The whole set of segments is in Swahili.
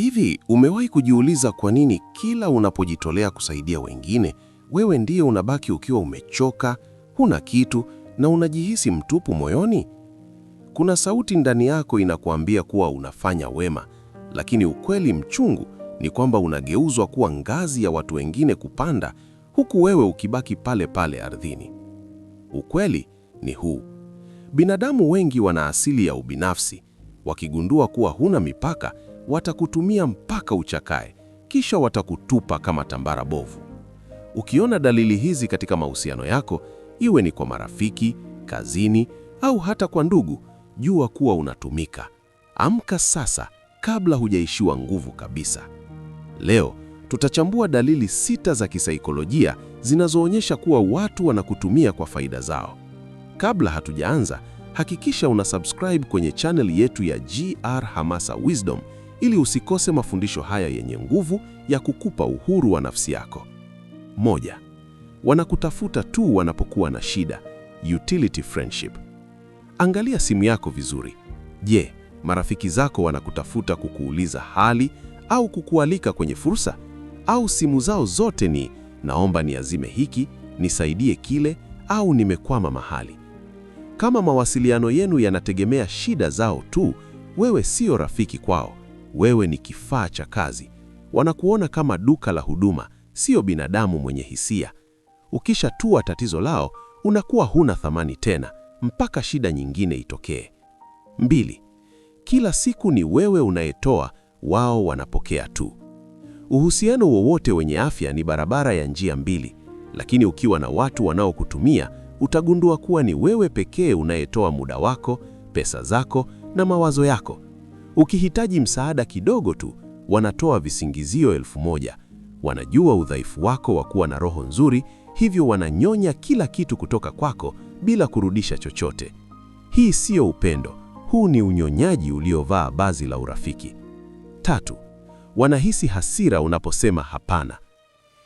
Hivi umewahi kujiuliza kwa nini kila unapojitolea kusaidia wengine, wewe ndiye unabaki ukiwa umechoka, huna kitu na unajihisi mtupu moyoni? Kuna sauti ndani yako inakuambia kuwa unafanya wema, lakini ukweli mchungu ni kwamba unageuzwa kuwa ngazi ya watu wengine kupanda, huku wewe ukibaki pale pale ardhini. Ukweli ni huu. Binadamu wengi wana asili ya ubinafsi, wakigundua kuwa huna mipaka watakutumia mpaka uchakae, kisha watakutupa kama tambara bovu. Ukiona dalili hizi katika mahusiano yako, iwe ni kwa marafiki, kazini au hata kwa ndugu, jua kuwa unatumika. Amka sasa kabla hujaishiwa nguvu kabisa. Leo tutachambua dalili sita za kisaikolojia zinazoonyesha kuwa watu wanakutumia kwa faida zao. Kabla hatujaanza, hakikisha una subscribe kwenye channel yetu ya GR Hamasa Wisdom ili usikose mafundisho haya yenye nguvu ya kukupa uhuru wa nafsi yako. Moja, wanakutafuta tu wanapokuwa na shida. Utility friendship. Angalia simu yako vizuri. Je, marafiki zako wanakutafuta kukuuliza hali au kukualika kwenye fursa, au simu zao zote ni naomba niazime hiki, nisaidie kile, au nimekwama mahali? Kama mawasiliano yenu yanategemea shida zao tu, wewe sio rafiki kwao, wewe ni kifaa cha kazi. Wanakuona kama duka la huduma, sio binadamu mwenye hisia. Ukishatua tatizo lao, unakuwa huna thamani tena mpaka shida nyingine itokee. Mbili, kila siku ni wewe unayetoa, wao wanapokea tu. Uhusiano wowote wenye afya ni barabara ya njia mbili, lakini ukiwa na watu wanaokutumia, utagundua kuwa ni wewe pekee unayetoa muda wako, pesa zako na mawazo yako. Ukihitaji msaada kidogo tu, wanatoa visingizio elfu moja. Wanajua udhaifu wako wa kuwa na roho nzuri, hivyo wananyonya kila kitu kutoka kwako bila kurudisha chochote. Hii siyo upendo, huu ni unyonyaji uliovaa vazi la urafiki. Tatu, wanahisi hasira unaposema hapana.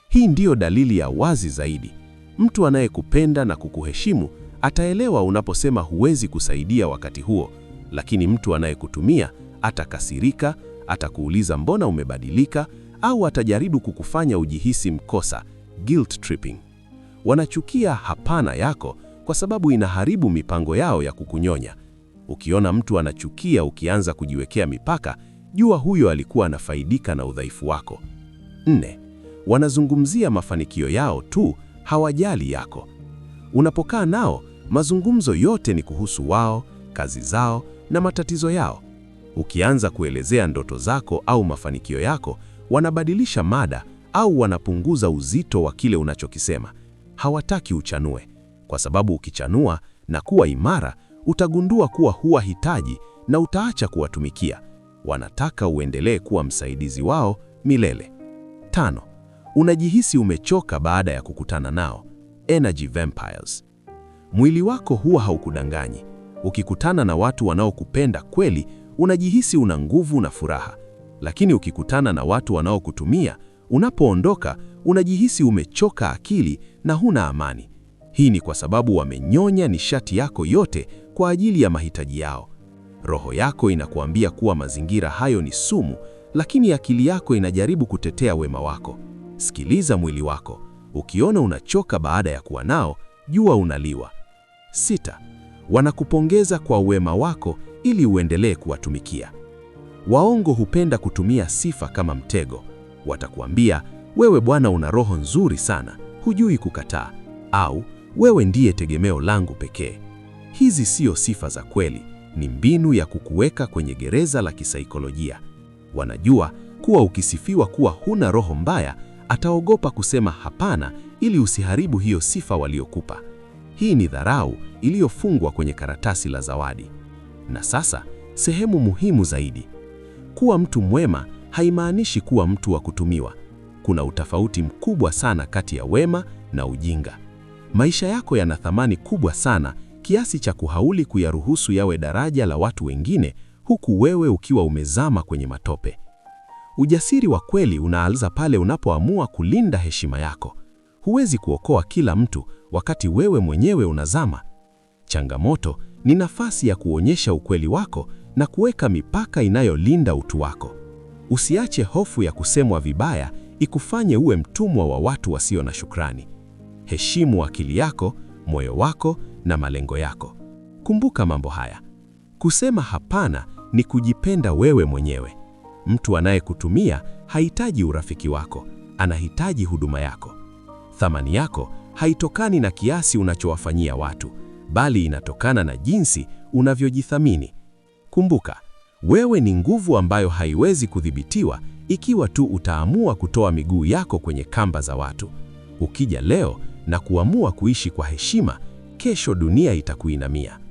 Hii ndiyo dalili ya wazi zaidi. Mtu anayekupenda na kukuheshimu ataelewa unaposema huwezi kusaidia wakati huo, lakini mtu anayekutumia atakasirika, atakuuliza mbona umebadilika, au atajaribu kukufanya ujihisi mkosa, guilt tripping. Wanachukia hapana yako kwa sababu inaharibu mipango yao ya kukunyonya. Ukiona mtu anachukia ukianza kujiwekea mipaka, jua huyo alikuwa anafaidika na udhaifu wako. Nne, wanazungumzia mafanikio yao tu, hawajali yako. Unapokaa nao, mazungumzo yote ni kuhusu wao, kazi zao na matatizo yao. Ukianza kuelezea ndoto zako au mafanikio yako, wanabadilisha mada au wanapunguza uzito wa kile unachokisema. Hawataki uchanue, kwa sababu ukichanua na kuwa imara, utagundua kuwa huwa hitaji na utaacha kuwatumikia. Wanataka uendelee kuwa msaidizi wao milele. Tano, unajihisi umechoka baada ya kukutana nao. Energy vampires. Mwili wako huwa haukudanganyi. Ukikutana na watu wanaokupenda kweli unajihisi una nguvu na furaha, lakini ukikutana na watu wanaokutumia, unapoondoka unajihisi umechoka akili na huna amani. Hii ni kwa sababu wamenyonya nishati yako yote kwa ajili ya mahitaji yao. Roho yako inakuambia kuwa mazingira hayo ni sumu, lakini akili yako inajaribu kutetea wema wako. Sikiliza mwili wako. Ukiona unachoka baada ya kuwa nao, jua unaliwa. Sita, wanakupongeza kwa wema wako ili uendelee kuwatumikia. Waongo hupenda kutumia sifa kama mtego. Watakuambia, wewe bwana, una roho nzuri sana, hujui kukataa, au wewe ndiye tegemeo langu pekee. Hizi siyo sifa za kweli, ni mbinu ya kukuweka kwenye gereza la kisaikolojia. Wanajua kuwa ukisifiwa kuwa huna roho mbaya, ataogopa kusema hapana ili usiharibu hiyo sifa waliokupa. Hii ni dharau iliyofungwa kwenye karatasi la zawadi. Na sasa sehemu muhimu zaidi. Kuwa mtu mwema haimaanishi kuwa mtu wa kutumiwa. Kuna utofauti mkubwa sana kati ya wema na ujinga. Maisha yako yana thamani kubwa sana kiasi cha kuhauli kuyaruhusu yawe daraja la watu wengine huku wewe ukiwa umezama kwenye matope. Ujasiri wa kweli unaanza pale unapoamua kulinda heshima yako. Huwezi kuokoa kila mtu wakati wewe mwenyewe unazama. Changamoto ni nafasi ya kuonyesha ukweli wako na kuweka mipaka inayolinda utu wako. Usiache hofu ya kusemwa vibaya ikufanye uwe mtumwa wa watu wasio na shukrani. Heshimu akili yako, moyo wako na malengo yako. Kumbuka mambo haya. Kusema hapana ni kujipenda wewe mwenyewe. Mtu anayekutumia hahitaji urafiki wako, anahitaji huduma yako. Thamani yako haitokani na kiasi unachowafanyia watu, bali inatokana na jinsi unavyojithamini. Kumbuka, wewe ni nguvu ambayo haiwezi kudhibitiwa ikiwa tu utaamua kutoa miguu yako kwenye kamba za watu. Ukija leo na kuamua kuishi kwa heshima, kesho dunia itakuinamia.